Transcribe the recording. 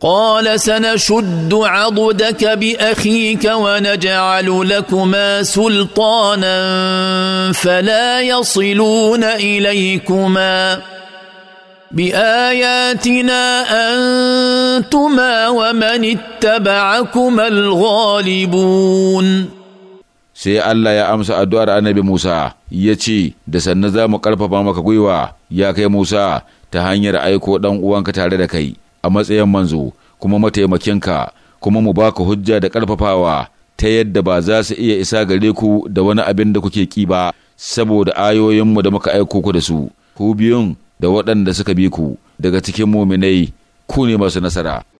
قال سنشد عضدك باخيك ونجعل لكما سلطانا فلا يصلون اليكما باياتنا انتما ومن اتبعكما الغالبون sai Allah ya amsa addu'ar annabi Musa ya ce, Da sannan za mu ƙarfafa maka gwiwa, ya kai Musa, ta hanyar aiko ɗan uwanka tare da kai. a matsayin manzo kuma mataimakinka kuma mu baka hujja da ƙarfafawa ta yadda ba za su iya isa gare ku da wani abin da kuke ƙi ba saboda ayoyinmu da muka aiko ku da su ku biyun da waɗanda suka bi ku daga cikin muminai ku ne masu nasara